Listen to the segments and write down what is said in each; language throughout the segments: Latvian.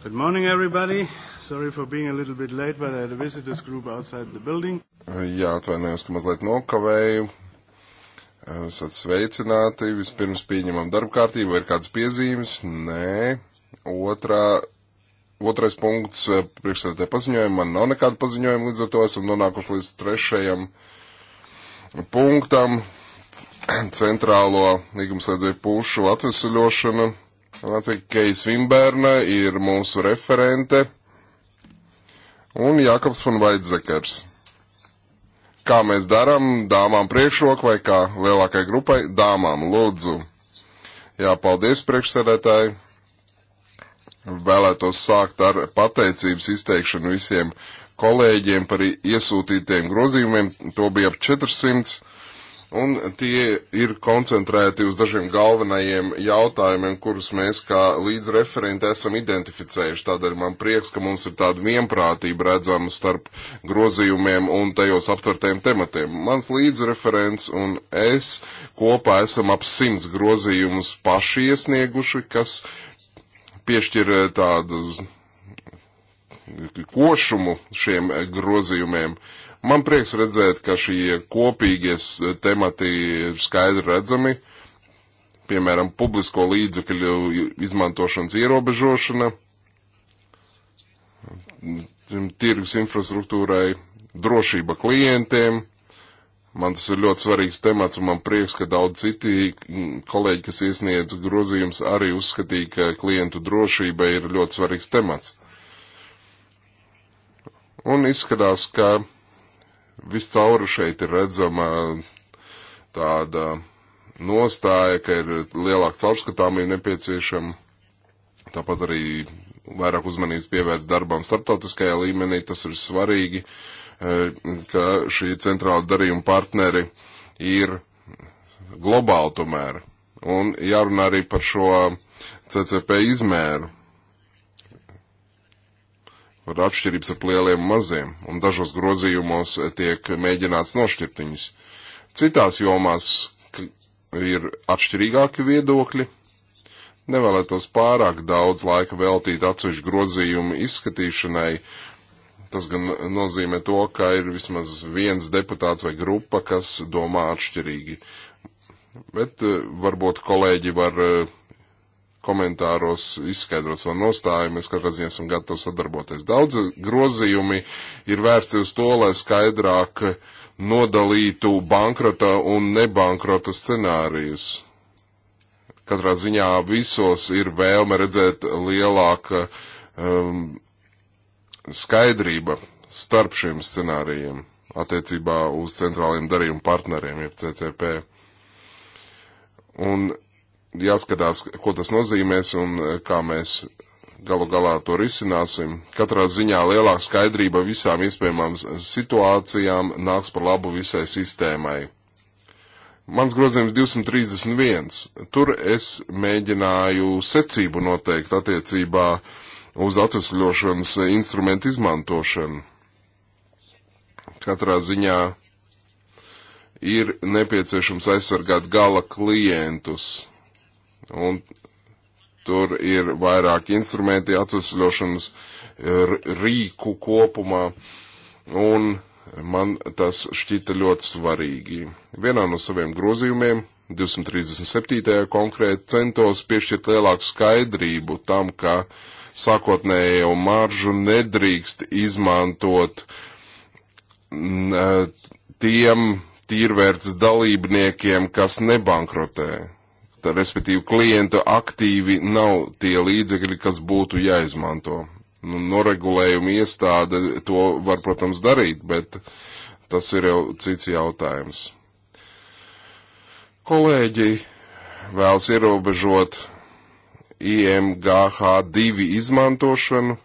Good morning, everybody. Sorry for being a little bit late, but I had a visitors group outside the building. Jā, atvainojos, ka mazliet nokavēju. Esat sveicināti. Vispirms pieņemam darba kārtību. Vai ir kādas piezīmes? Nē. Otrā otrais punkts eh, priekšsēdētē paziņojuma. Man nav nekāda paziņojuma, līdz ar to esam nonākuši līdz trešajam punktam. Centrālo līgumslēdzēju pušu atvesaļošana Latvija Keija Svimberna ir mūsu referente un Jākabs un Vaidzekers. Kā mēs darām, dāmām priekšroku vai kā lielākai grupai? Dāmām, lūdzu. Jā, paldies priekšsēdētāji. Vēlētos sākt ar pateicības izteikšanu visiem kolēģiem par iesūtītiem grozījumiem. To bija ap 400 un tie ir koncentrēti uz dažiem galvenajiem jautājumiem, kurus mēs kā līdzreferenti esam identificējuši. Tādēļ man prieks, ka mums ir tāda vienprātība redzama starp grozījumiem un tajos aptvertiem tematiem. Mans līdzreferents un es kopā esam ap simts grozījumus paši iesnieguši, kas piešķir eh, tādu košumu šiem grozījumiem. Uh, Man prieks redzēt, ka šie kopīgie temati ir skaidri redzami, piemēram, publisko līdzekļu izmantošanas ierobežošana, tirgus infrastruktūrai, drošība klientiem. Man tas ir ļoti svarīgs temats, un man prieks, ka daudz citi kolēģi, kas iesniedz grozījums, arī uzskatīja, ka klientu drošība ir ļoti svarīgs temats. Un izskatās, ka Viscauri šeit ir redzama tāda nostāja, ka ir lielāka caurskatāmība nepieciešama. Tāpat arī vairāk uzmanības pievērst darbam starptautiskajā līmenī, tas ir svarīgi, e, ka šī centrāla darījuma partneri ir globāli tomēr. Un jārunā arī par šo CCP izmēru ir atšķirības ar lieliem un maziem, un dažos grozījumos tiek mēģināts nošķirt viņus. Citās jomās ir atšķirīgāki viedokļi. Nevēlētos pārāk daudz laika veltīt atsevišķu grozījumu izskatīšanai, Tas gan nozīmē to, ka ir vismaz viens deputāts vai grupa, kas domā atšķirīgi. Bet eh, varbūt kolēģi var eh, komentāros izskaidrot savu nostāju, mēs katrā ziņā esam gatavi sadarboties. Daudz grozījumi ir vērsti uz to, lai skaidrāk nodalītu bankrota un nebankrota scenārijus. Katrā ziņā visos ir vēlme redzēt lielāka um, skaidrība starp šiem scenārijiem attiecībā uz centrāliem darījumu partneriem, jeb CCP. Un jāskatās, ko tas nozīmēs un eh, kā mēs galu galā to risināsim. Katrā ziņā lielāka skaidrība visām iespējamām situācijām nāks par labu visai sistēmai. Mans grozījums 231. Tur es mēģināju secību noteikt attiecībā uz atvesļošanas instrumentu izmantošanu. Katrā ziņā ir nepieciešams aizsargāt gala klientus Un tur ir vairāk instrumenti atvesļošanas rīku kopumā, un man tas šķita ļoti svarīgi. Vienā no saviem grozījumiem, 237. konkrēti, centos piešķirt lielāku skaidrību tam, ka sākotnējo maržu nedrīkst izmantot tiem tīrvērts dalībniekiem, kas nebankrotē Tā, respektīvi, klientu aktīvi nav tie līdzekļi, kas būtu jāizmanto. Nu, noregulējuma iestāde to var, protams, darīt, bet tas ir jau cits jautājums. Kolēģi vēlas ierobežot IMGH2 izmantošanu,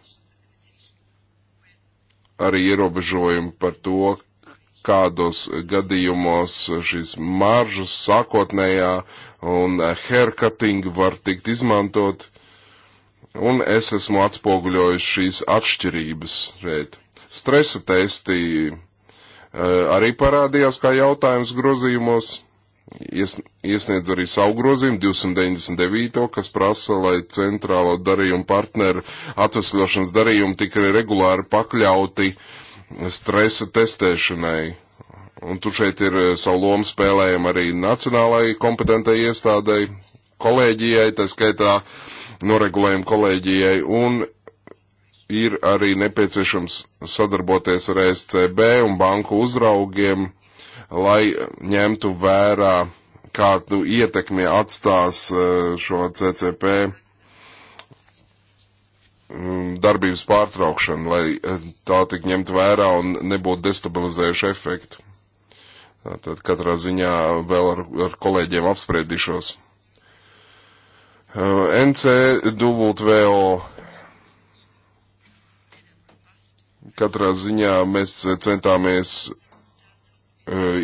arī ierobežojumi par to, kādos gadījumos šīs maržas sākotnējā un eh, haircutting var tikt izmantot, un es esmu atspoguļojis šīs atšķirības šeit. Stresa testi eh, arī parādījās kā jautājums grozījumos. Ies, iesniedz arī savu grozījumu 299, kas prasa, lai centrālo darījumu partneru atvesļošanas darījumi tika regulāri pakļauti stresa testēšanai Un tur šeit ir eh, savu lomu spēlējama arī nacionālai kompetentai iestādai, kolēģijai, tā skaitā noregulējuma kolēģijai, un ir arī nepieciešams sadarboties ar SCB un banku uzraugiem, lai ņemtu vērā, kādu nu, ietekmi atstās eh, šo CCP mm, darbības pārtraukšanu, lai eh, tā tik ņemt vērā un nebūtu destabilizējuši efektu. Tad katrā ziņā vēl ar, ar kolēģiem apspriedīšos. NCWO. Katrā ziņā mēs centāmies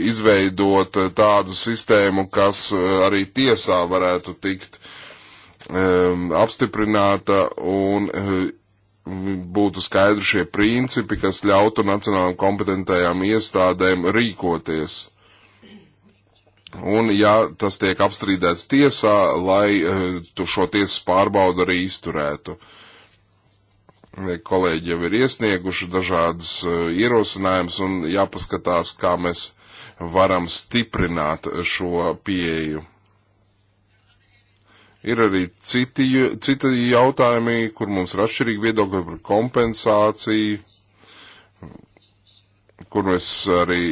izveidot tādu sistēmu, kas arī tiesā varētu tikt um, apstiprināta un būtu skaidri šie principi, kas ļautu nacionālām kompetentajām iestādēm rīkoties. Un, ja tas tiek apstrīdēts tiesā, lai eh, tu šo tiesas pārbaudu arī izturētu. Kolēģi jau ir iesnieguši dažādas eh, ierosinājumus un jāpaskatās, kā mēs varam stiprināt šo pieeju. Ir arī citi, citi jautājumi, kur mums ir atšķirīgi viedokļi par kompensāciju, kur mēs arī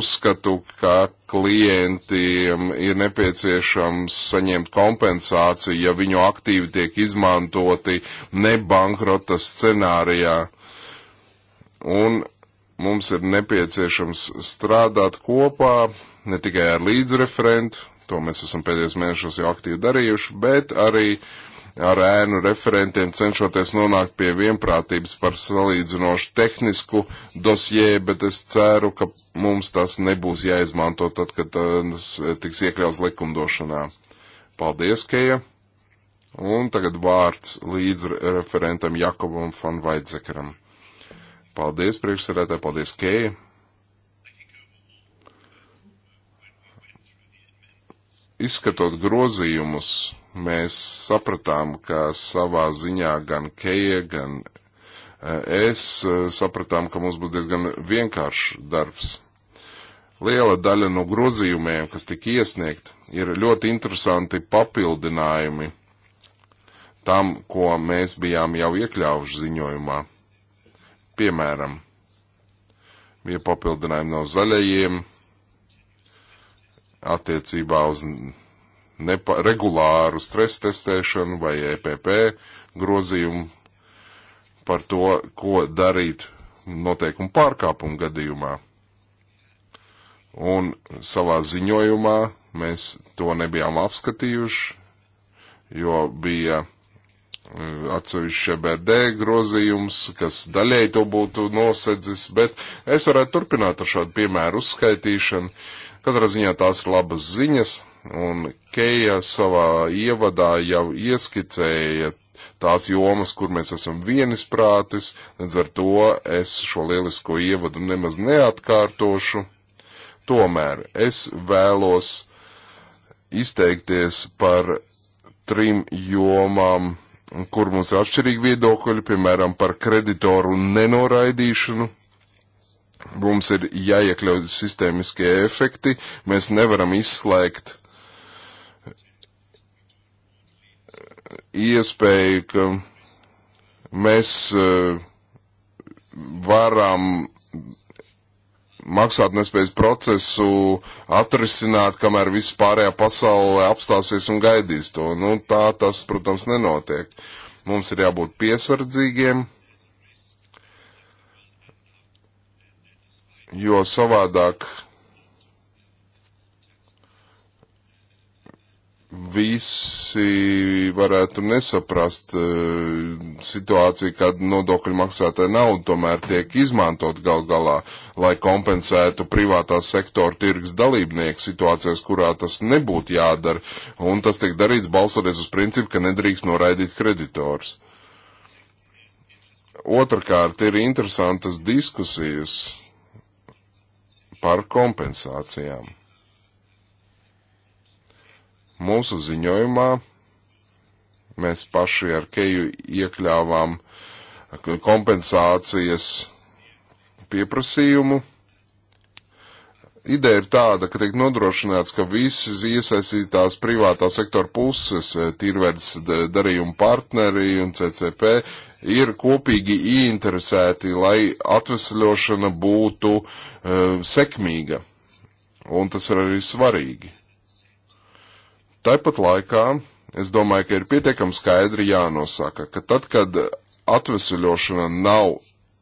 uzskatu, ka klientiem ir nepieciešams saņemt kompensāciju, ja viņu aktīvi tiek izmantoti ne bankrota scenārijā. Un mums ir nepieciešams strādāt kopā ne tikai ar līdzreferentu, to mēs esam pēdējos mēnešos jau aktīvi darījuši, bet arī ar ēnu referentiem cenšoties nonākt pie vienprātības par salīdzinošu tehnisku dosjē, bet es ceru, ka mums tas nebūs jāizmanto tad, kad uh, tas uh, tiks iekļauts likumdošanā. Paldies, Keja! Un tagad vārds līdz referentam Jakobam van Vaidzekaram. Paldies, priekšsarētāji, paldies, Keja! Izskatot grozījumus, mēs sapratām, ka savā ziņā gan Keija, gan e, es e, sapratām, ka mums būs diezgan vienkāršs darbs. Liela daļa no grozījumiem, kas tika iesniegt, ir ļoti interesanti papildinājumi tam, ko mēs bijām jau iekļāvuši ziņojumā. Piemēram, bija papildinājumi no zaļajiem, attiecībā uz nepa, regulāru stresa testēšanu vai EPP grozījumu par to, ko darīt noteikumu pārkāpumu gadījumā. Un savā ziņojumā mēs to nebijām apskatījuši, jo bija eh, atsevišķi BD grozījums, kas daļēji to būtu nosedzis, bet es varētu turpināt ar šādu piemēru uzskaitīšanu, Katrā ziņā tās ir labas ziņas, un Keija savā ievadā jau ieskicēja tās jomas, kur mēs esam vienisprātis, līdz ar to es šo lielisko ievadu nemaz neatkārtošu. Tomēr es vēlos izteikties par trim jomām, kur mums ir atšķirīgi viedokļi, piemēram, par kreditoru nenoraidīšanu, Mums ir jāiekļauj sistēmiskie efekti, mēs nevaram izslēgt uh, iespēju, ka mēs uh, varam maksātnespējas procesu atrisināt, kamēr viss pārējā pasaule apstāsies un gaidīs to. Nu, tā tas, protams, nenotiek. Mums ir jābūt piesardzīgiem jo savādāk visi varētu nesaprast eh, situāciju, kad nodokļu maksātāja nauda tomēr tiek izmantot gal galā, lai kompensētu privātā sektora tirgus dalībnieku situācijās, kurā tas nebūtu jādara, un tas tiek darīts balsoties uz principu, ka nedrīkst noraidīt kreditors. Otrakārt, ir interesantas diskusijas par kompensācijām. Mūsu ziņojumā mēs paši ar Keju iekļāvām kompensācijas pieprasījumu. Ideja ir tāda, ka tiek nodrošināts, ka visas iesaistītās privātā sektora puses, tīrvedes darījuma partneri un CCP ir kopīgi ieinteresēti, lai atvesļošana būtu uh, sekmīga. Un tas ir arī svarīgi. Tāpat laikā es domāju, ka ir pietiekami skaidri jānosaka, ka tad, kad atvesļošana nav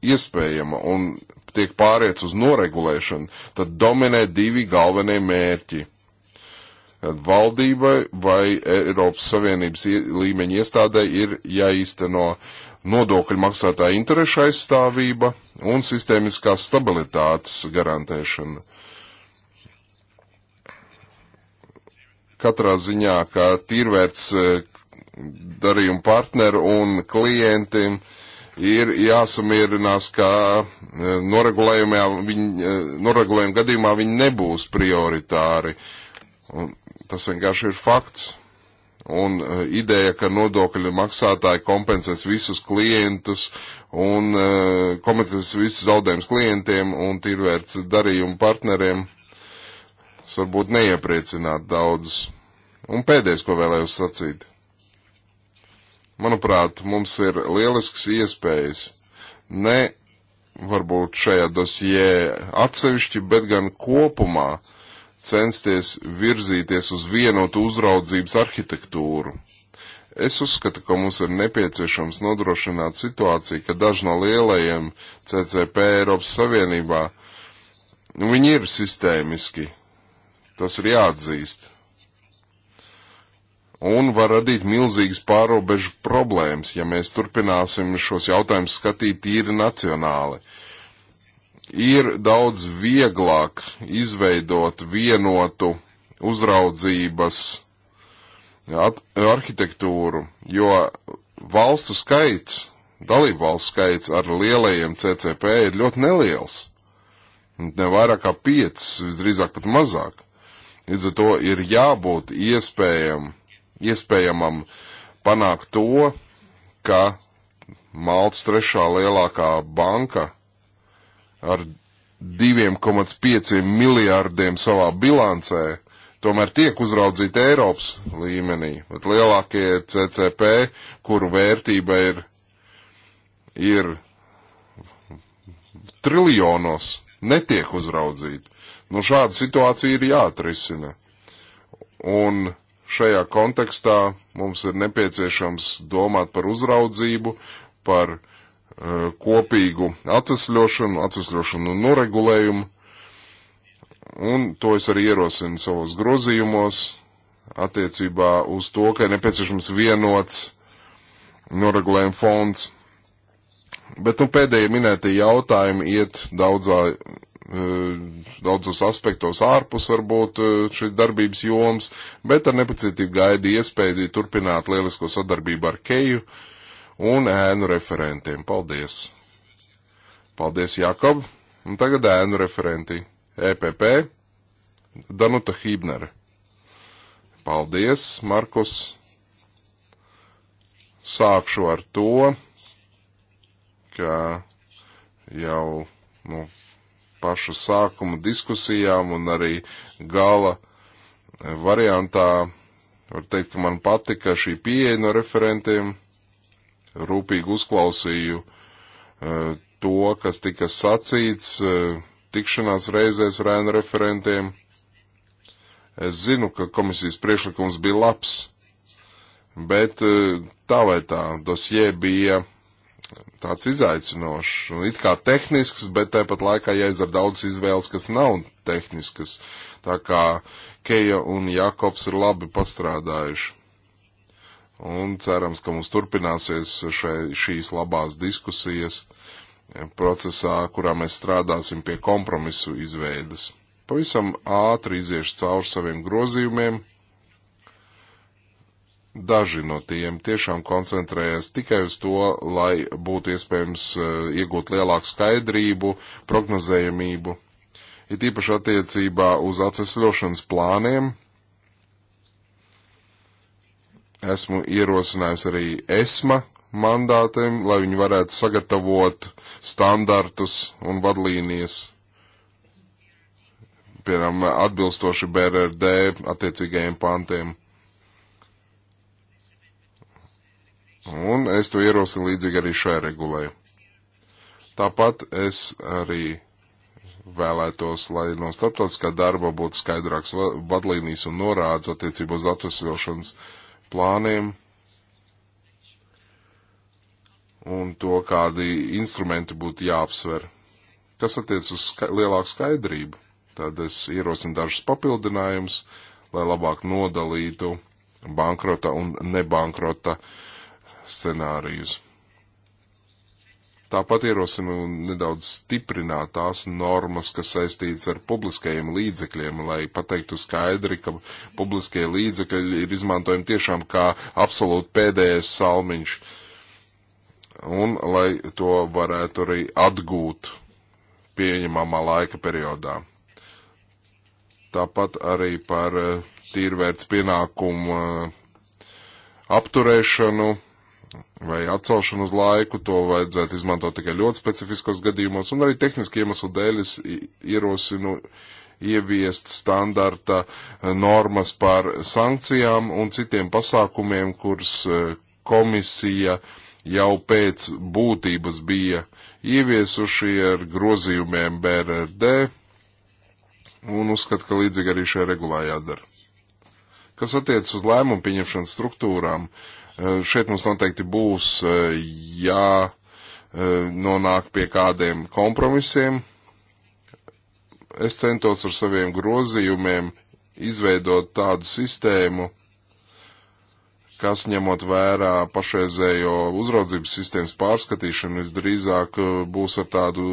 iespējama un tiek pāriets uz noregulēšanu, tad dominē divi galvenie mērķi valdībai vai Eiropas Savienības līmeņa iestādē ir jāīsteno nodokļu maksātāja interešu aizstāvība un sistēmiskās stabilitātes garantēšana. Katrā ziņā, kā tīrvērts e, darījumu partneru un klientiem ir jāsamierinās, ka e, e, noregulējuma gadījumā viņi nebūs prioritāri. Un tas vienkārši ir fakts. Un uh, ideja, ka nodokļu maksātāji kompensēs visus klientus un uh, kompensēs visus zaudējumus klientiem un tīrvērts darījumu partneriem, tas varbūt neiepriecināt daudzus. Un pēdējais, ko vēlējos sacīt. Manuprāt, mums ir lielisks iespējas ne varbūt šajā dosijē atsevišķi, bet gan kopumā uh, censties virzīties uz vienotu uzraudzības arhitektūru. Es uzskatu, ka mums ir nepieciešams nodrošināt situāciju, ka daži no lielajiem CCP Eiropas Savienībā, nu, viņi ir sistēmiski, tas ir jāatzīst, un var radīt milzīgas pārobežu problēmas, ja mēs turpināsim šos jautājumus skatīt tīri nacionāli. Uh, ir daudz vieglāk izveidot vienotu uzraudzības arhitektūru, jo valstu skaits, dalību valstu skaits ar lielajiem CCP ir ļoti neliels. Ne vairāk kā 5, visdrīzāk pat mazāk. Līdz ar to ir jābūt iespējam, iespējamam panākt to, ka Maltas trešā lielākā banka ar 2,5 miljārdiem savā bilancē, tomēr tiek uzraudzīti Eiropas līmenī. Bet lielākie CCP, kuru vērtība ir, ir triljonos, netiek uzraudzīti. Nu, šāda situācija ir jāatrisina. Un šajā kontekstā mums ir nepieciešams domāt par uzraudzību, par kopīgu atvesļošanu, atvesļošanu un noregulējumu, un to es arī ierosinu savos grozījumos attiecībā uz to, ka ir nepieciešams vienots noregulējuma fonds. Bet nu, pēdējie minētie jautājumi iet daudzā, daudzos aspektos ārpus varbūt šīs darbības joms, bet ar nepacietību gaida iespēju turpināt lielisko sadarbību ar Keju. Uh, un ēnu referentiem. Paldies! Paldies, Jakob! Un tagad ēnu referenti. EPP Danuta Hībnere. Paldies, Markus! Sākšu ar to, ka jau nu, paša sākuma diskusijām un arī gala variantā var teikt, ka man patika šī pieeja no referentiem rūpīgi uzklausīju uh, to, kas tika sacīts uh, tikšanās reizēs ar ēnu referentiem. Es zinu, ka komisijas priekšlikums bija labs, bet uh, tā vai tā dosie bija tāds izaicinošs un it kā tehnisks, bet tāpat laikā jāizdara daudz izvēles, kas nav tehniskas. Tā kā Keja un Jakobs ir labi pastrādājuši. Un cerams, ka mums turpināsies šai, šīs labās diskusijas procesā, kurā mēs strādāsim pie kompromisu izveidas. Pavisam ātri iziešu cauri saviem grozījumiem. Daži no tiem tiešām koncentrējas tikai uz to, lai būtu iespējams eh, iegūt lielāku skaidrību, prognozējamību, it īpaši attiecībā uz atvesļošanas plāniem, esmu ierosinājusi arī ESMA mandātiem, lai viņi varētu sagatavot standartus un vadlīnijas, piemēram, atbilstoši BRD attiecīgajiem pantiem. Un es to ierosinu līdzīgi arī šai regulai. Tāpat es arī vēlētos, lai no starptautiskā darba būtu skaidrāks vadlīnijas un norādes attiecībā uz atvesļošanas uh, plāniem un to, kādi instrumenti būtu jāapsver. Kas attiec uz ska lielāku skaidrību, tad es ierosinu dažus papildinājumus, lai labāk nodalītu bankrota un nebankrota scenārijus. Tāpat ierosinu nedaudz stiprināt tās normas, kas saistīts ar publiskajiem līdzekļiem, lai pateiktu skaidri, ka publiskie līdzekļi ir izmantojami tiešām kā absolūti pēdējais salmiņš, un lai to varētu arī atgūt pieņemamā laika periodā. Tāpat arī par eh, tīrvērts pienākumu eh, apturēšanu vai atcelšanu uz laiku, to vajadzētu izmantot tikai ļoti specifiskos gadījumos, un arī tehniski iemeslu dēļ es ierosinu ieviest standarta eh, normas par sankcijām un citiem pasākumiem, kurus eh, komisija jau pēc būtības bija ieviesuši ar grozījumiem BRD, un uzskat, ka līdzīgi arī šajā regulā jādara. Kas attiecas uz lēmumu pieņemšanas struktūrām, eh, šeit mums noteikti būs eh, jānonāk eh, pie kādiem kompromisiem. Es centos ar saviem grozījumiem izveidot tādu sistēmu, kas ņemot vērā pašreizējo uzraudzības sistēmas pārskatīšanu, visdrīzāk būs ar tādu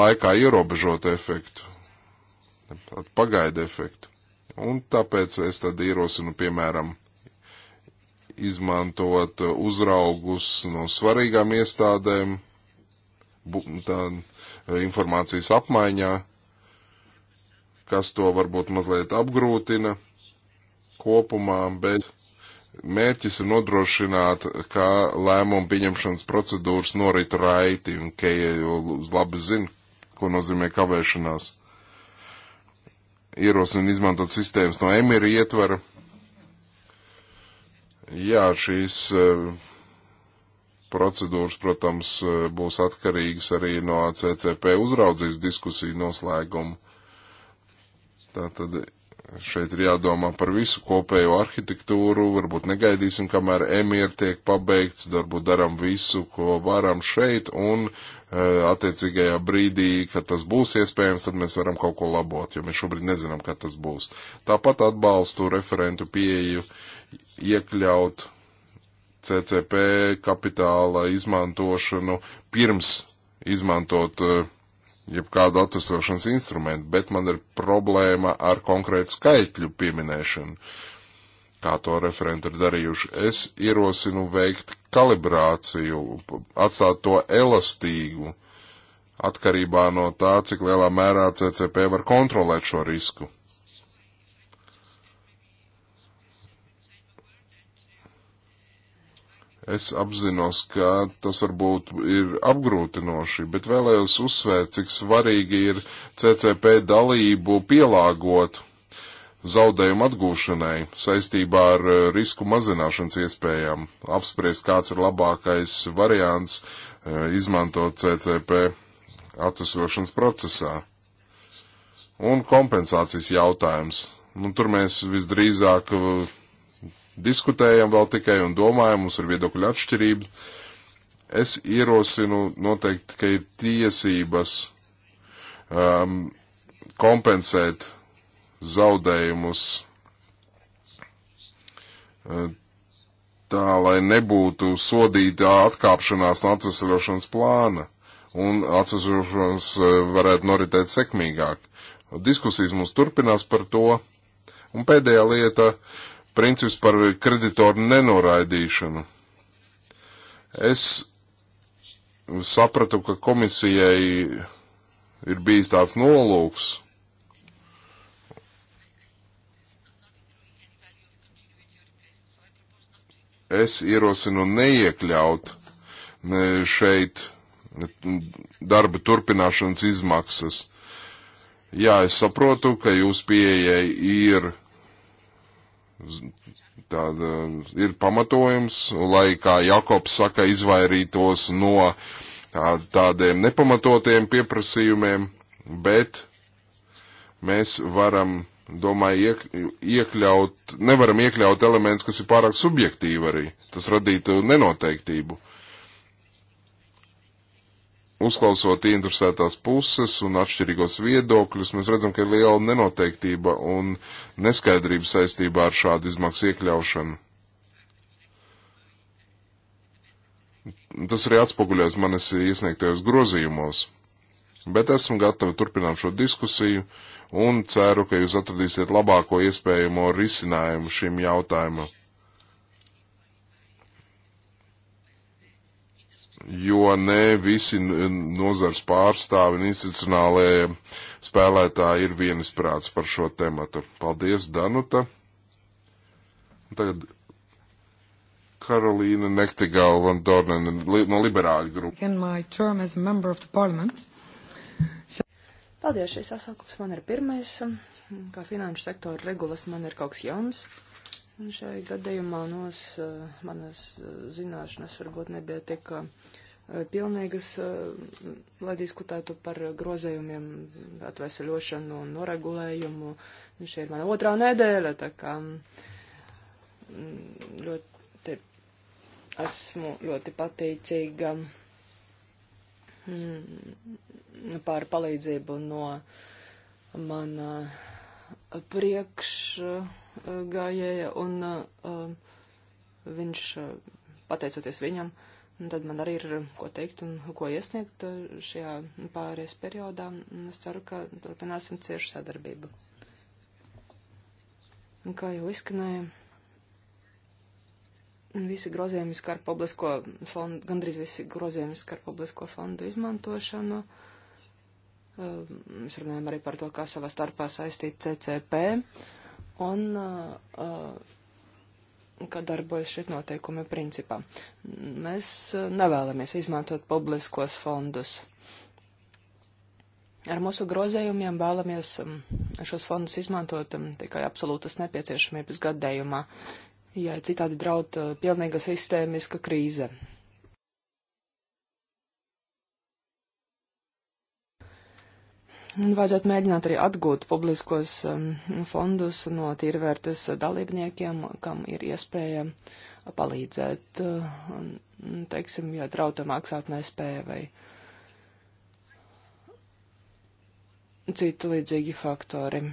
laikā ierobežotu efektu, pagaidu efektu. Un tāpēc es tad ierosinu, piemēram, izmantot uzraugus no svarīgām iestādēm, tā, informācijas apmaiņā, kas to varbūt mazliet apgrūtina kopumā, bet mērķis ir nodrošināt, ka lēmumu pieņemšanas procedūras norit raiti, un Keija jau labi zina, ko nozīmē kavēšanās ierosina izmantot sistēmas no emīra ietvara. Jā, šīs eh, procedūras, protams, eh, būs atkarīgas arī no CCP uzraudzības diskusiju noslēguma. Tātad šeit ir jādomā par visu kopējo arhitektūru, varbūt negaidīsim, kamēr emīra tiek pabeigts, varbūt daram visu, ko varam šeit, un Eh, attiecīgajā brīdī, kad tas būs iespējams, tad mēs varam kaut ko labot, jo mēs šobrīd nezinām, kad tas būs. Tāpat atbalstu referentu pieeju iekļaut CCP kapitāla izmantošanu pirms izmantot eh, jebkādu atvesošanas instrumentu, bet man ir problēma ar konkrētu skaitļu pieminēšanu. Uh, kā to referenti ir darījuši. Es ierosinu veikt kalibrāciju, atstāt to elastīgu, atkarībā no tā, cik lielā mērā CCP var kontrolēt šo risku. Es apzinos, ka tas varbūt ir apgrūtinoši, bet vēlējos uzsvērt, cik svarīgi ir CCP dalību pielāgot zaudējumu atgūšanai saistībā ar eh, risku mazināšanas iespējām, apspriest, kāds ir labākais variants eh, izmantot CCP atvesošanas procesā. Un kompensācijas jautājums. Nu, tur mēs visdrīzāk eh, diskutējam vēl tikai un domājam, mums ir viedokļu atšķirība. Es ierosinu noteikti, ka ir tiesības um, kompensēt zaudējumus eh, tā, lai nebūtu sodīta atkāpšanās no atvesaļošanas plāna un atvesaļošanas eh, varētu noritēt sekmīgāk. Diskusijas mums turpinās par to. Un pēdējā lieta - princips par kreditoru nenoraidīšanu. Es sapratu, ka komisijai ir bijis tāds nolūks es ierosinu neiekļaut šeit darba turpināšanas izmaksas. Jā, es saprotu, ka jūs pieejai ir tāda, ir pamatojums, lai, kā Jakobs saka, izvairītos no tā, tādiem nepamatotiem pieprasījumiem, bet mēs varam domāju, iek, iekļaut, nevaram iekļaut elementus, kas ir pārāk subjektīvi arī. Tas radītu nenoteiktību. Uzklausot interesētās puses un atšķirīgos viedokļus, mēs redzam, ka ir liela nenoteiktība un neskaidrība saistībā ar šādu izmaksu iekļaušanu. Tas arī atspoguļojas manis iesniegtajos grozījumos. Bet esmu gatava turpināt šo diskusiju un ceru, ka jūs atradīsiet labāko iespējamo risinājumu šim jautājumam. Jo ne visi nozars pārstāvi un institucionālajie spēlētāji ir vienisprāts par šo tematu. Paldies, Danuta! Tagad Karolīna Nektigāla van Dornen no liberāļu grupas. Paldies, šis sasaukums man ir pirmais, kā finanšu sektora regulas man ir kaut kas jauns. Un šai gadījumā nos, eh, manas eh, zināšanas varbūt nebija tik eh, pilnīgas, lai diskutētu par grozējumiem, atvesaļošanu un noregulējumu. Un šī ir mana otrā nedēļa, tā kā mm, ļoti esmu ļoti pateicīga Mm, par palīdzību no mana priekšgājēja, un uh, viņš, uh, pateicoties viņam, tad man arī ir uh, ko teikt un ko iesniegt šajā pārējais periodā. Es ceru, ka turpināsim ciešu sadarbību. Un kā jau izskanēja, Visi grozījumi skar publisko fondu, gandrīz visi grozījumi skar publisko fondu izmantošanu. Um, mēs runājam arī par to, kā savā starpā saistīt CCP un uh, uh, kā darbojas šie noteikumi principā. Mēs uh, nevēlamies izmantot publiskos fondus. Ar mūsu grozējumiem vēlamies um, šos fondus izmantot um, tikai absolūtas nepieciešamības gadējumā, ja citādi draud eh, pilnīga sistēmiska krīze. Vajadzētu mēģināt arī atgūt publiskos fondus no tīrvērtas dalībniekiem, kam ir iespēja palīdzēt, teiksim, ja drauta maksāt nespēja vai citi līdzīgi faktori.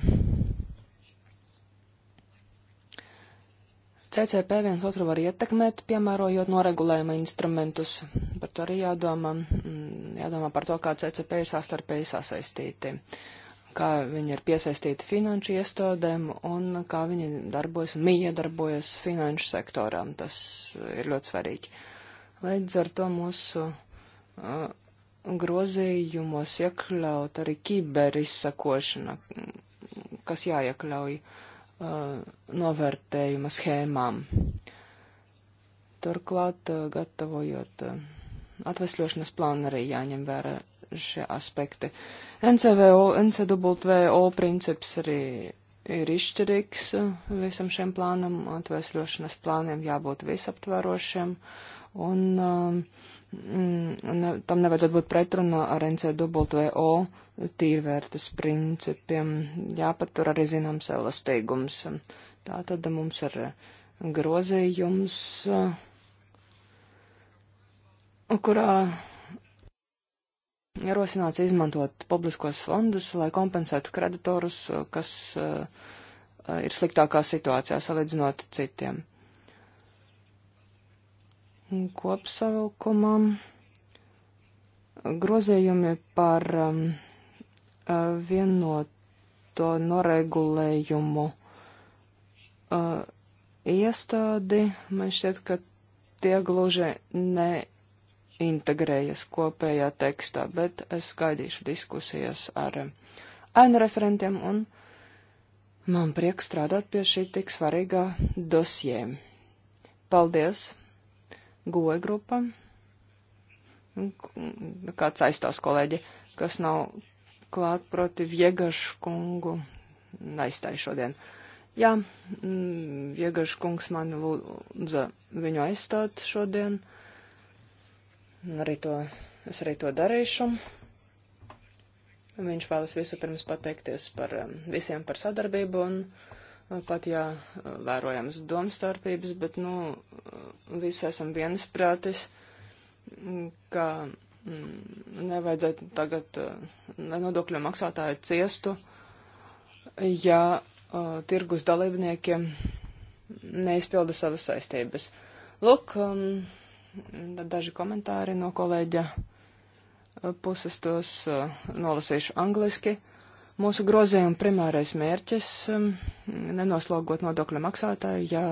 CCP viens otru var ietekmēt, piemērojot noregulējuma instrumentus. Par to arī jādomā, mm, jādomā par to, kā CCP ir sastarpēji sasaistīti, kā viņi ir piesaistīti finanšu iestādēm un kā viņi darbojas un miedarbojas finanšu sektorām. Tas ir ļoti svarīgi. Līdz ar to mūsu uh, grozījumos iekļaut arī kiberizsakošana, kas jāiekļauj. Uh, Uh, novērtējuma schēmām. Turklāt, uh, gatavojot uh, atvesļošanas plānu, arī jāņem vērā šie aspekti. NCVO, NCWO princips arī ir izšķirīgs visam šiem plānam, atvesļošanas plāniem jābūt visaptvarošiem, un um, Mm, ne, tam nevajadzētu būt pretrunā ar NCWO tīrvērtas principiem. Jāpatur arī zināms elastīgums. Tā tad mums ir grozījums, kurā ierosināts izmantot publiskos fondus, lai kompensētu kreditorus, kas uh, ir sliktākā situācijā salīdzinot citiem kopsavilkumam grozējumi par um, uh, vienoto noregulējumu uh, iestādi, man šķiet, ka tie gluži neintegrējas kopējā tekstā, bet es gaidīšu diskusijas ar um, ēnu referentiem un man prieks strādāt pie šī tik svarīgā dosjē. Paldies! goja grupa, kāds aizstās kolēģi, kas nav klāt proti Viegašu kungu, aizstāja šodien. Jā, mm, Viegašu kungs mani lūdza viņu aizstāt šodien. Arī to, es arī to darīšu. Viņš vēlas visu pirms pateikties par um, visiem par sadarbību un pat jā, eh, vērojams domstarpības, bet, nu, eh, visi esam viensprātis, mm, ka mm, nevajadzētu tagad nenodokļu eh, maksātāju ciestu, ja uh, tirgus dalībniekiem neizpilda savas saistības. Lūk, um, daži komentāri no kolēģa puses tos uh, nolasīšu angliski. Uh, Mūsu grozījuma primārais mērķis um, - nenoslogot nodokļu maksātāju, ja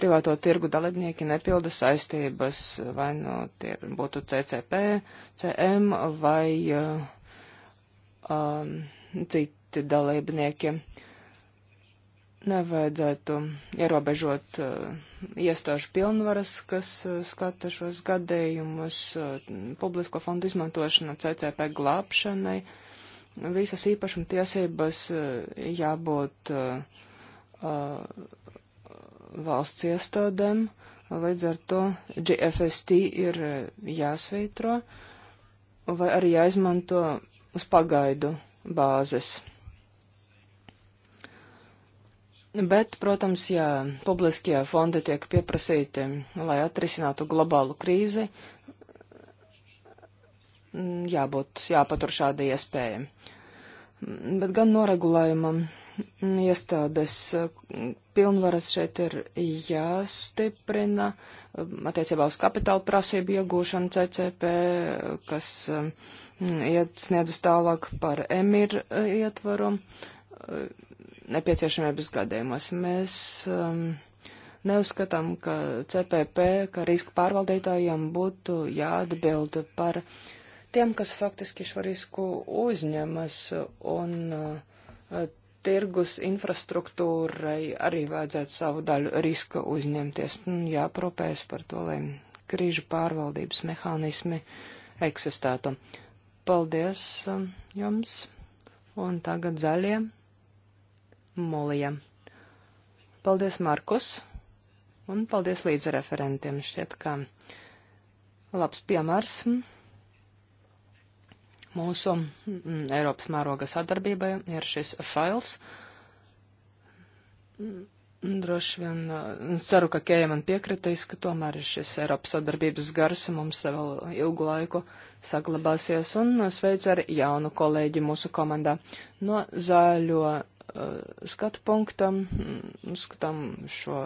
privāto tirgu dalībnieki nepilda saistības, vai nu no tie būtu CCP, CM vai uh, um, citi dalībnieki. Nevajadzētu ierobežot uh, iestāžu pilnvaras, kas uh, skata šos gadējumus, uh, publisko fondu izmantošanu, CCP glābšanai. Uh, visas īpašuma tiesības eh, jābūt eh, eh, valsts iestādēm, līdz ar to GFST ir jāsveitro vai arī jāizmanto uz pagaidu bāzes. Bet, protams, ja publiskie fondi tiek pieprasīti, lai atrisinātu globālu krīzi, Mm, jābūt, jāpatur šāda iespēja. Bet gan noregulējumam iestādes mm, pilnvaras šeit ir jāstiprina mm, attiecībā uz kapitāla prasību iegūšanu CCP, kas iesniedzas tālāk par emir e, ietvaru e, nepieciešamības gadījumos. Mēs um, neuzskatām, ka CPP, ka riska pārvaldītājiem būtu jāatbild par uh, tiem, kas faktiski šo risku uzņemas, un uh, tirgus infrastruktūrai arī vajadzētu savu daļu riska uzņemties. Jāpropēs par to, lai krīžu pārvaldības mehānismi eksistētu. Paldies um, jums, un tagad zaļie molija. Paldies, Markus, un paldies līdzreferentiem šķiet, kā labs piemērs. Mūsu mm, Eiropas mēroga sadarbībai ir šis fails. Mm, droši vien mm, ceru, ka Kēja man piekritīs, ka tomēr ir šis Eiropas sadarbības gars mums vēl ilgu laiku saglabāsies un mm, sveicu ar jaunu kolēģi mūsu komandā no zaļo uh, skatu punkta. Uzskatām šo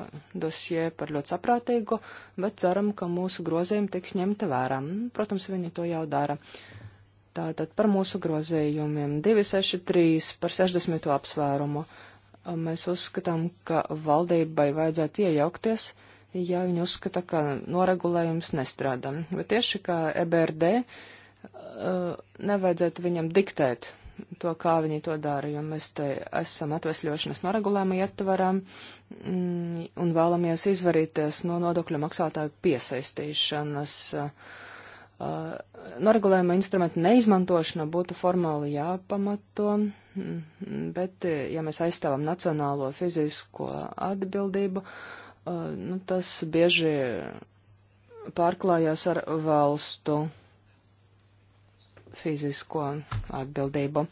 dosie par ļoti saprātīgu, bet ceram, ka mūsu grozījumi tiks ņemta vērā. Protams, viņi to jau dara. Uh, Tātad par mūsu grozījumiem 263 par 60. apsvērumu. Mēs uzskatām, ka valdībai vajadzētu iejaukties, ja viņi uzskata, ka noregulējums nestrādā. Bet tieši kā EBRD, nevajadzētu viņam diktēt to, kā viņi to dara, jo mēs te esam atvesļošanas noregulējuma ietvarām mm, un vēlamies izvarīties no nodokļu maksātāju piesaistīšanas. Uh, Uh, noregulējuma instrumentu neizmantošana būtu formāli jāpamato, mm, bet, uh, ja mēs aizstāvam nacionālo fizisko atbildību, uh, nu, tas bieži pārklājās ar valstu fizisko atbildību.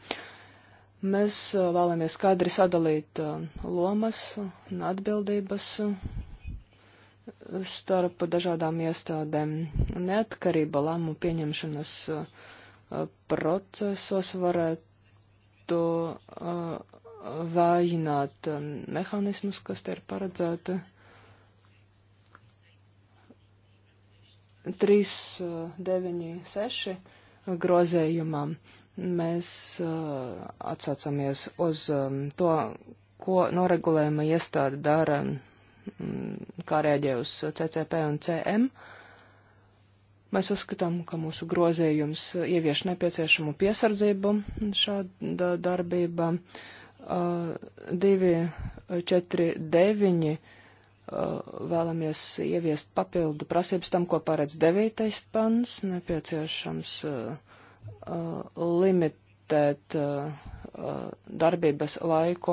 Mēs vēlamies skaidri sadalīt lomas un atbildības starp dažādām iestādēm. Neatkarība lēmumu pieņemšanas uh, procesos varētu uh, vājināt um, mehānismus, kas te ir paredzēti. Trīs, uh, deviņi, seši grozējumam mēs atsaucamies uz um, to, ko noregulējuma iestāde dara Mm, kā rēģē uz CCP un CM. Mēs uzskatām, ka mūsu grozījums ievieš nepieciešamu piesardzību šāda darbība. Uh, 2, 4, 9 uh, vēlamies ieviest papildu prasības tam, ko paredz 9. pants, nepieciešams uh, uh limitēt uh, Uh, darbības laiku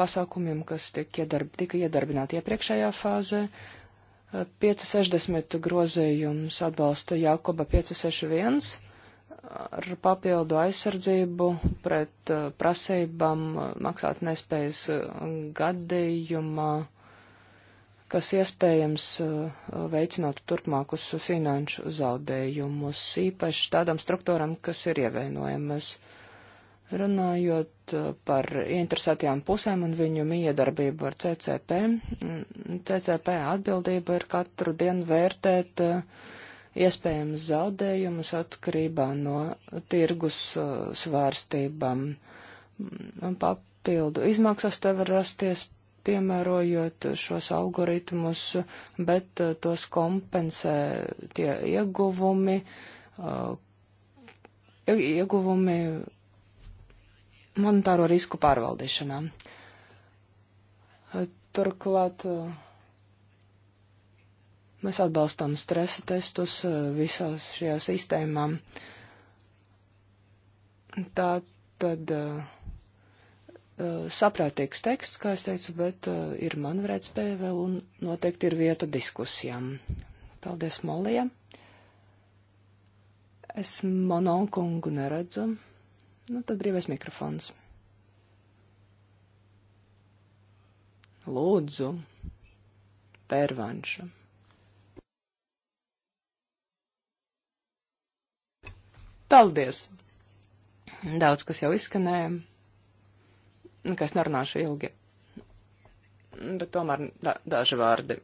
pasākumiem, kas tika, iedarb, tika iedarbināti iepriekšējā fāzē. 560 uh, grozījums atbalsta Jākoba 561 ar papildu aizsardzību pret uh, prasībām maksāt nespējas gadījumā, kas iespējams veicinātu turpmākus finanšu zaudējumus, īpaši tādam struktūram, kas ir ievainojamas. Runājot uh, par interesētajām pusēm un viņu miedarbību ar CCP, mm, CCP atbildība ir katru dienu vērtēt uh, iespējams zaudējumus atkarībā no tirgus uh, svārstībām. Mm, un papildu izmaksas te var rasties, piemērojot šos algoritmus, bet tos kompensē tie ieguvumi, ieguvumi monetāro risku pārvaldīšanā. Eh, turklāt eh, mēs atbalstām stresa testus eh, visās šajā sistēmā. Tā tad saprātīgs teksts, kā es teicu, bet ir manevrēt spēja vēl un noteikti ir vieta diskusijām. Paldies, Molija. Es Mononkungu neredzu. Nu, tad brīvais mikrofons. Lūdzu, pērvanša. Paldies! Daudz kas jau izskanēja, kas nerunāšu ilgi, bet tomēr da daži vārdi.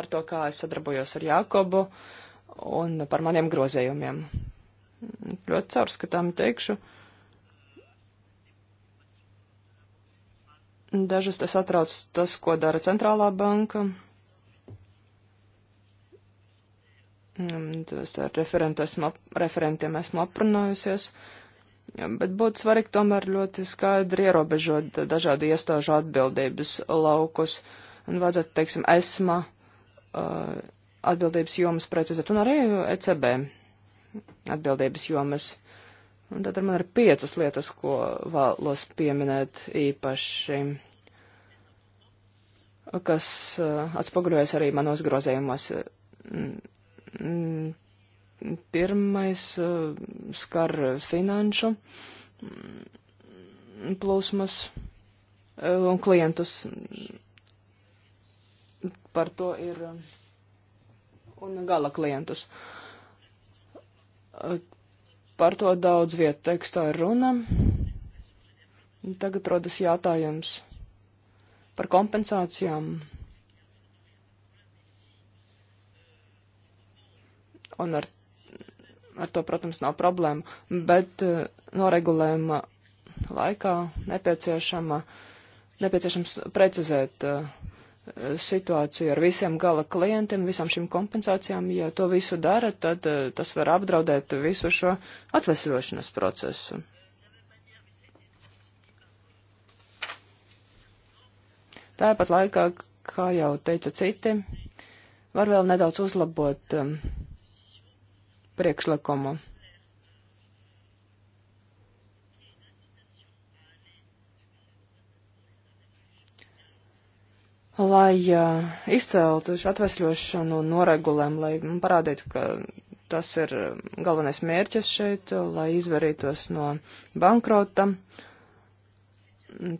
Par to, kā es sadarbojos ar Jākobu. Uh, un par maniem grozējumiem. Ļoti caurskatām teikšu. Dažas tas atrauc tas, ko dara centrālā banka. Tas ar esmu, referentiem esmu aprunājusies. Ja, bet būtu svarīgi tomēr ļoti skaidri ierobežot dažādu iestāžu atbildības laukus. Un vajadzētu, teiksim, esma uh, atbildības jomas precizēt, un arī ECB atbildības jomas. Un tad man ir piecas lietas, ko vēlos pieminēt īpaši, kas uh, atspoguļojas arī manos grozējumos. Pirmais uh, skar finanšu mm, plūsmas uh, un klientus. Par to ir. Uh, un gala klientus. Par to daudz vietu tekstā ir runa. Tagad rodas jātājums par kompensācijām un ar, ar to, protams, nav problēma, bet noregulējuma laikā nepieciešama, nepieciešams precizēt uh, situāciju ar visiem gala klientiem, visām šīm kompensācijām. Ja to visu dara, tad eh, tas var apdraudēt visu šo atvesļošanas procesu. Tāpat laikā, kā jau teica citi, var vēl nedaudz uzlabot um, priekšlikumu lai uh, izceltu šo atvesļošanu un noregulēm, lai parādītu, ka tas ir um, galvenais mērķis šeit, lai izvarītos no bankrota.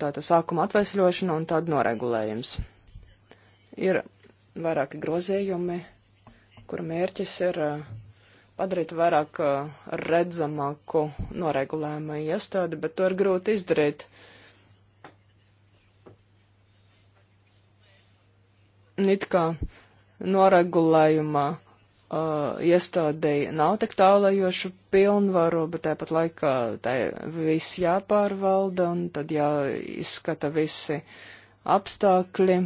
Tātad sākuma atvesļošana un tad noregulējums. Ir vairāki grozījumi, kuru mērķis ir uh, padarīt vairāk uh, redzamāku noregulējumu iestādi, bet to ir grūti izdarīt. Uh, it kā noregulējumā uh, iestādēji nav tik tālajošu pilnvaru, bet tāpat laikā tai viss jāpārvalda un tad jāizskata visi apstākļi.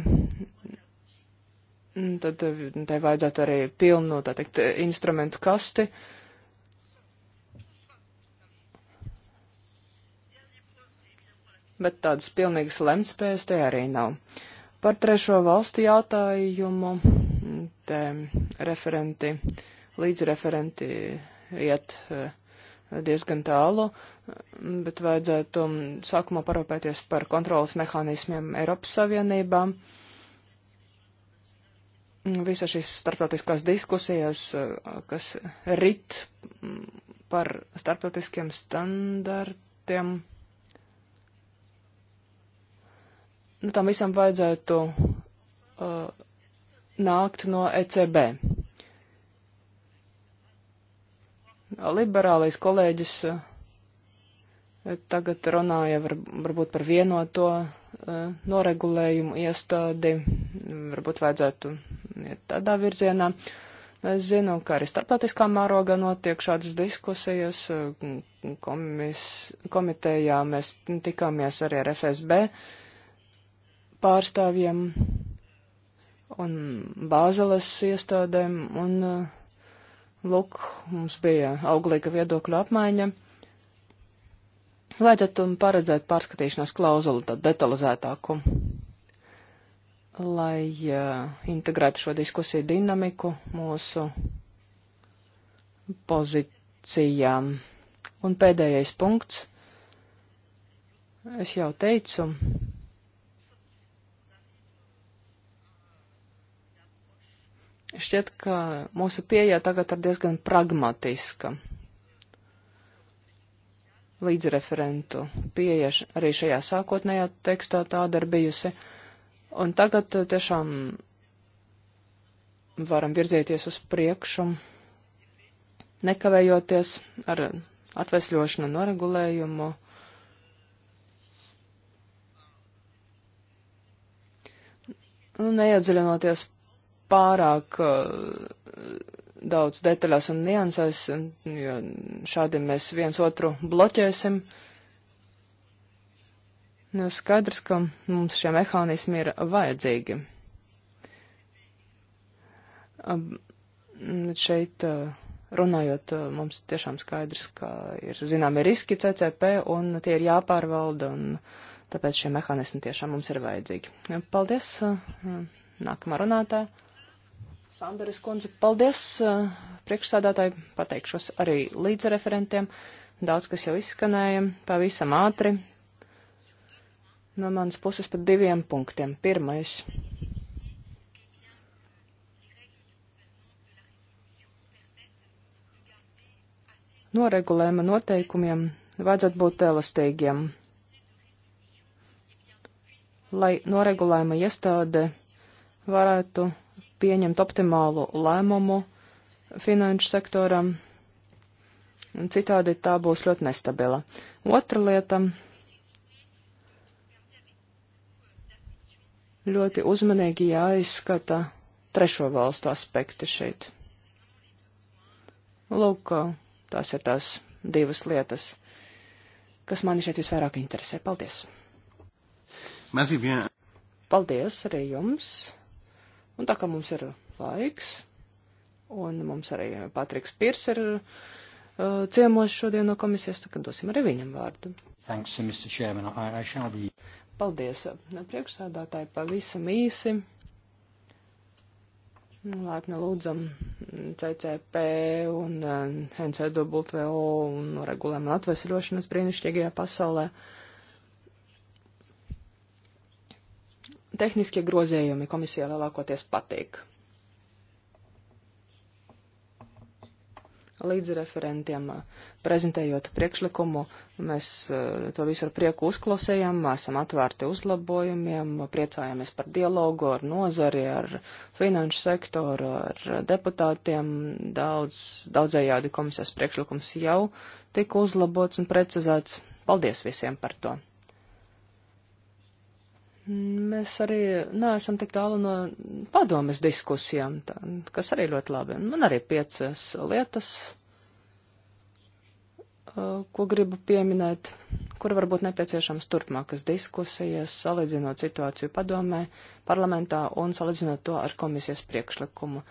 Un tad mm, tai vajadzētu arī pilnu, tā teikt, instrumentu kasti. Bet tādas pilnīgas lemtspējas te arī nav. Uh, Par trešo valstu jautājumu te referenti, līdzreferenti iet eh, diezgan tālu, bet vajadzētu mm, sākumā parūpēties par kontrolas mehānismiem Eiropas Savienībā. Visa šīs starptautiskās diskusijas, eh, kas rit mm, par starptautiskiem standartiem. nu, tam visam vajadzētu uh, nākt no ECB. Liberālais kolēģis uh, tagad runāja var, varbūt par vienoto uh, noregulējumu iestādi, varbūt vajadzētu iet tādā virzienā. Es zinu, ka arī starptautiskā mērogā notiek šādas diskusijas. Komis, komitejā mēs tikāmies arī ar FSB. Uh, pārstāvjiem un Bāzeles iestādēm, un uh, lūk, mums bija auglīga viedokļa apmaiņa. Vajadzētu paredzēt pārskatīšanās klauzulu tad detalizētāku, lai uh, integrētu šo diskusiju dinamiku mūsu pozīcijām. Un pēdējais punkts. Es jau teicu, Šķiet, ka mūsu pieeja tagad ir diezgan pragmatiska. Līdzreferentu pieeja arī šajā sākotnējā tekstā tāda ir bijusi. Un tagad eh, tiešām varam virzīties uz priekšu, nekavējoties ar atvesļošanu noregulējumu. Un nu, neiedziļinoties pārāk uh, daudz detaļās un niansēs, jo šādi mēs viens otru bloķēsim. Nu, skaidrs, ka mums šie mehānismi ir vajadzīgi. Nu, šeit uh, runājot, uh, mums tiešām skaidrs, ka ir zināmi riski CCP un tie ir jāpārvalda, un tāpēc šie mehānismi tiešām mums ir vajadzīgi. Paldies! Nākamā runātāja. Sandaris kundze, paldies. Priekšsādātāji pateikšos arī līdzreferentiem. Daudz, kas jau izskanēja, pavisam ātri. No manas puses pat diviem punktiem. Pirmais. Noregulējuma noteikumiem vajadzētu būt elastīgiem, lai noregulējuma iestāde varētu pieņemt optimālu lēmumu finanšu sektoram, un citādi tā būs ļoti nestabila. Otra lieta - ļoti uzmanīgi jāizskata trešo valstu aspekti šeit. Lūk, tās ir tās divas lietas, kas mani šeit visvairāk interesē. Paldies! Paldies arī jums! Un tā kā mums ir laiks, un mums arī Patriks Pirs ir uh, ciemos šodien no komisijas, tad dosim arī viņam vārdu. Thanks, uh, Mr. Chairman. I, I shall be... Paldies, uh, priekšsēdātāji, pavisam īsi. Lēpni lūdzam CCP un uh, NCWO un regulēm atvesļošanas brīnišķīgajā pasaulē. Uh, tehniskie grozējumi komisijā lielākoties patīk. Līdz referentiem uh, prezentējot priekšlikumu, mēs uh, to visu ar prieku uzklausējam, esam atvērti uzlabojumiem, priecājamies par dialogu ar nozari, ar finanšu sektoru, ar deputātiem. Daudz, daudzējādi komisijas priekšlikums jau tika uzlabots un precizēts. Paldies visiem par to! Mēs arī neesam tik tālu no padomes diskusijām, tā, kas arī ļoti labi. Man arī piecas lietas, ko gribu pieminēt, kur varbūt nepieciešams turpmākas diskusijas, salīdzinot situāciju padomē, parlamentā un salīdzinot to ar komisijas priekšlikumu.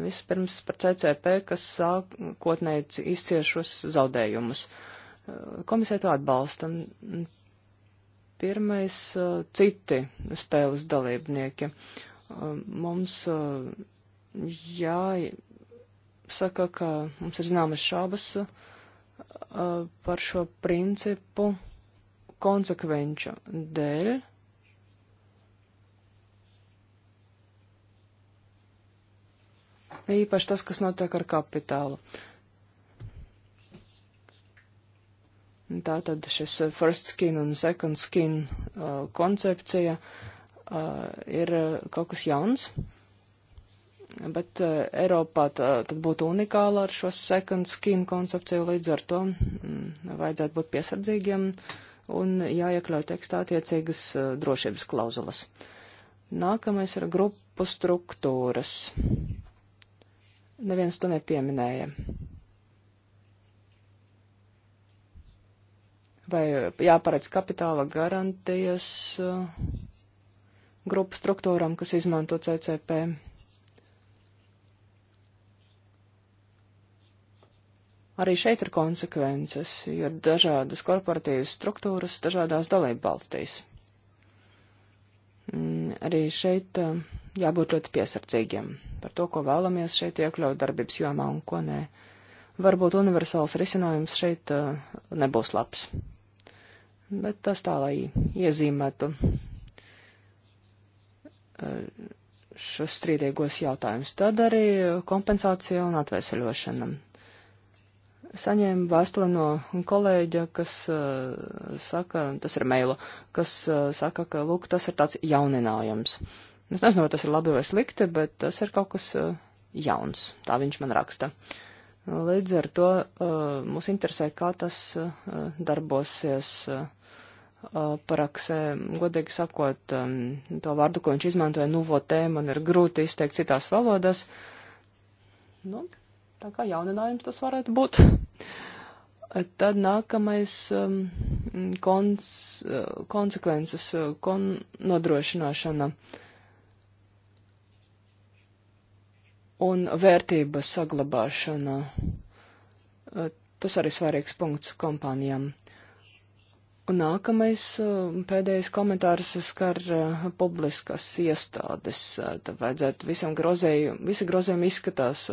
Vispirms par CCP, kas sākotnēji izciešos zaudējumus. Komisija to atbalsta. Pirmais - citi spēles dalībnieki. Mums jāsaka, ka mums ir zināmas šābas par šo principu konsekvenču dēļ. Īpaši tas, kas notiek ar kapitālu. Uh, Tātad šis first skin un second skin uh, koncepcija uh, ir uh, kaut kas jauns, bet uh, Eiropā tad būtu unikāla ar šo second skin koncepciju, līdz ar to mm, vajadzētu būt piesardzīgiem un jāiekļauj tekstā attiecīgas uh, drošības klauzulas. Nākamais ir grupu struktūras. Neviens to nepieminēja. vai jāparedz kapitāla garantijas uh, grupu struktūram, kas izmanto CCP. Arī šeit ir konsekvences, jo ir dažādas korporatīvas struktūras dažādās dalību valstīs. Mm, arī šeit uh, jābūt ļoti piesardzīgiem par to, ko vēlamies šeit iekļaut darbības jomā un ko nē. Varbūt universāls risinājums šeit uh, nebūs labs. Bet tas tā, lai iezīmētu e, šos strīdīgos jautājumus. Tad arī kompensācija un atveseļošana. Saņēmu vēstuli no kolēģa, kas uh, saka, tas ir meilu, kas uh, saka, ka, lūk, tas ir tāds jauninājums. Es nezinu, vai tas ir labi vai slikti, bet tas ir kaut kas uh, jauns. Tā viņš man raksta. Līdz ar to uh, mūs interesē, kā tas uh, darbosies. Uh, Uh, praksē. Godīgi sakot, um, to vārdu, ko viņš izmantoja, nuvotē, man ir grūti izteikt citās valodās. Nu, tā kā jauninājums tas varētu būt. Tad nākamais um, kons, uh, konsekvences, uh, kon, nodrošināšana un vērtības saglabāšana. Tas arī svarīgs punkts kompānijām. Uh, Un nākamais uh, pēdējais komentārs skar uh, publiskas iestādes. Uh, tad vajadzētu visam grozējumu, visi grozējumi izskatās,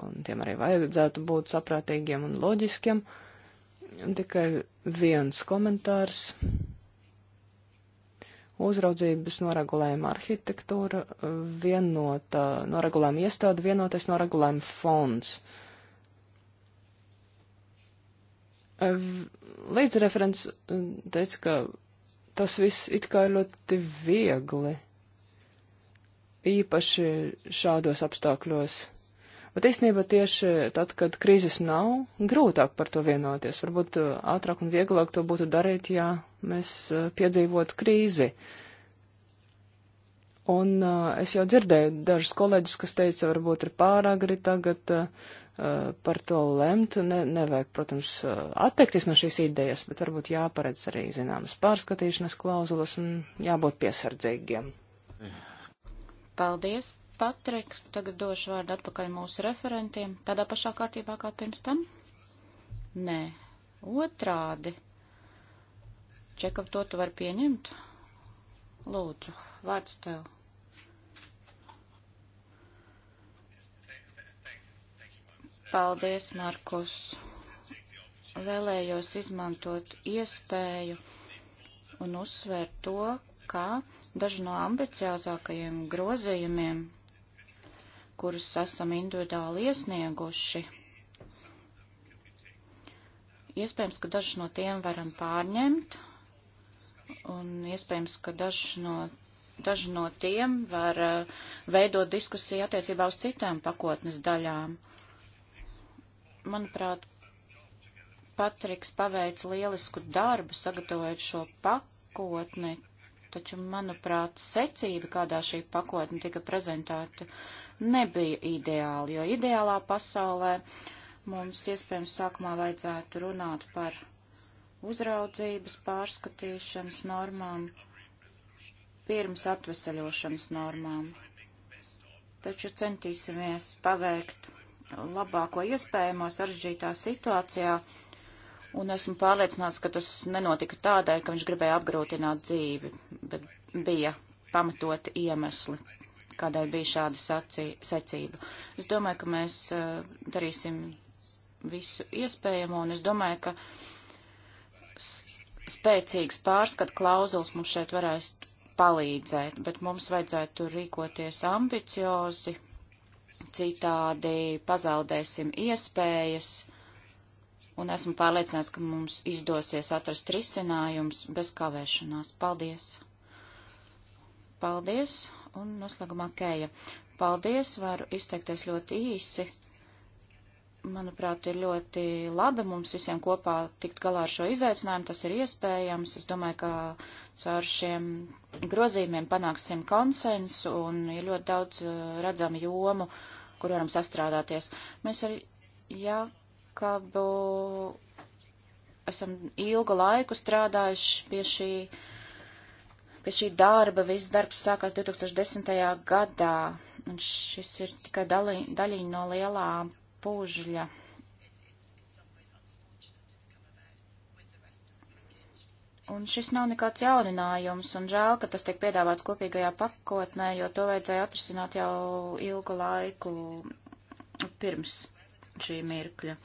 un tiem arī vajadzētu būt saprātīgiem un loģiskiem. Un tikai viens komentārs. Uzraudzības noregulējuma arhitektūra, vienota noregulējuma iestāde, vienotais noregulējuma fonds. Uh, Līdzreferents mm, teica, ka tas viss it kā ir ļoti viegli, īpaši šādos apstākļos. Bet īstenībā tieši tad, kad krīzes nav, grūtāk par to vienoties. Varbūt uh, ātrāk un vieglāk to būtu darīt, ja mēs uh, piedzīvotu krīzi. Un uh, es jau dzirdēju dažus kolēģus, kas teica, varbūt ir pāragri tagad uh, Eh, par to lemt. Ne, nevajag, protams, eh, atteikties no šīs idejas, bet varbūt jāparedz arī zināmas pārskatīšanas klauzulas un jābūt piesardzīgiem. Paldies, Patrik. Tagad došu vārdu atpakaļ mūsu referentiem. Tādā pašā kārtībā kā pirms tam? Nē, otrādi. Čekap to tu vari pieņemt? Lūdzu, vārds tev. Paldies, Markus. Vēlējos izmantot iespēju un uzsvērt to, ka daži no ambiciozākajiem grozījumiem, kurus esam individuāli iesnieguši, iespējams, ka dažus no tiem varam pārņemt, un iespējams, ka dažus no, daži no tiem var uh, veidot diskusiju attiecībā uz citām pakotnes daļām. Uh, manuprāt, Patriks paveic lielisku darbu, sagatavojot šo pakotni, taču, manuprāt, secība, kādā šī pakotne tika prezentēta, nebija ideāla, jo ideālā pasaulē mums iespējams sākumā vajadzētu runāt par uzraudzības pārskatīšanas normām pirms atvesaļošanas normām. Taču centīsimies paveikt labāko iespējamo sarežģītā situācijā, un esmu pārliecināts, ka tas nenotika tādēļ, ka viņš gribēja apgrūtināt dzīvi, bet bija pamatoti iemesli, kādēļ bija šāda sacī, secība. Es domāju, ka mēs uh, darīsim visu iespējamo, un es domāju, ka spēcīgs pārskat klauzuls mums šeit varēs palīdzēt, bet mums vajadzētu rīkoties ambiciozi, citādi pazaudēsim iespējas, un esmu pārliecināts, ka mums izdosies atrast risinājums bez kavēšanās. Paldies! Paldies! Un noslēgumā Kēja. Paldies, varu izteikties ļoti īsi manuprāt, ir ļoti labi mums visiem kopā tikt galā ar šo izaicinājumu. Tas ir iespējams. Es domāju, ka caur šiem grozījumiem panāksim konsensu un ir ļoti daudz eh, redzamu jomu, kur varam sastrādāties. Mēs ar Jakabu esam ilgu laiku strādājuši pie šī. Pie šī darba viss darbs sākās 2010. gadā, un šis ir tikai daļiņa no lielām Pužļa. Un šis nav nekāds jauninājums, un žēl, ka tas tiek piedāvāts kopīgajā pakotnē, jo to vajadzēja atrisināt jau ilgu laiku pirms šī mirkļa.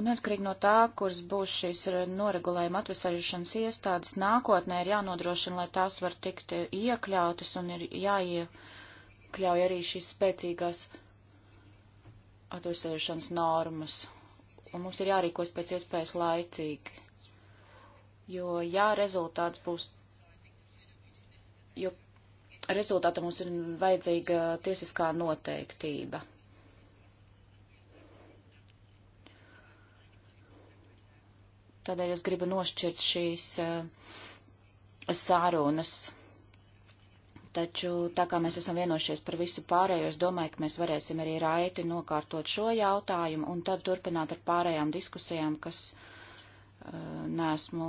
Un atkarīgi no tā, kuras būs šīs noregulējuma atvesaļošanas iestādes, nākotnē ir jānodrošina, lai tās var tikt iekļautas un ir jāiekļauj arī šīs spēcīgās atvesēšanas normas, un mums ir jārīkos pēc iespējas laicīgi. Jo, ja rezultāts būs, jo rezultāta mums ir vajadzīga tiesiskā noteiktība. Tādēļ es gribu nošķirt šīs uh, eh, sārunas Taču, tā kā mēs esam vienojušies par visu pārējo, es domāju, ka mēs varēsim arī raiti nokārtot šo jautājumu un tad turpināt ar pārējām diskusijām, kas uh, nesmu,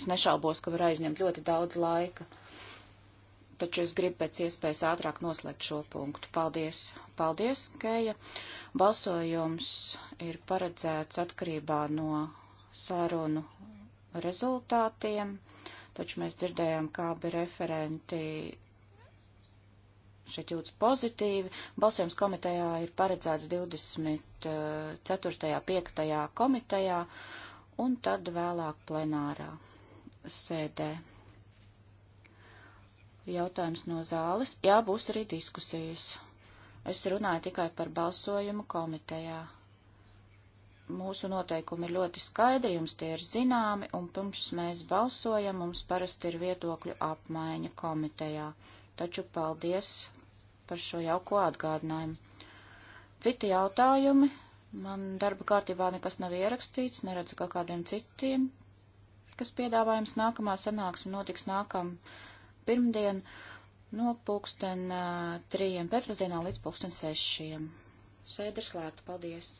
es nešaubos, ka var aizņemt ļoti daudz laika. Taču es gribu pēc iespējas ātrāk noslēgt šo punktu. Paldies! Paldies, Keja! Balsojums ir paredzēts atkarībā no sarunu rezultātiem. Uh, taču mēs dzirdējām, kā abi referenti šeit jūtas pozitīvi. Balsojums komitejā ir paredzēts 24. 5. Eh, komitejā un tad vēlāk plenārā sēdē. Jautājums no zāles. Jā, būs arī diskusijas. Es runāju tikai par balsojumu komitejā mūsu noteikumi ir ļoti skaidri, jums tie ir zināmi, un pirms mēs balsojam, mums parasti ir viedokļu apmaiņa komitejā. Taču paldies par šo jauko atgādinājumu. Citi jautājumi. Man darba kārtībā nekas nav ierakstīts, neredzu kā kādiem citiem, kas piedāvājums nākamā sanāksme notiks nākam pirmdien no pulksten uh, trījiem pēcpusdienā līdz pulksten sešiem. Sēdra slēgta, paldies!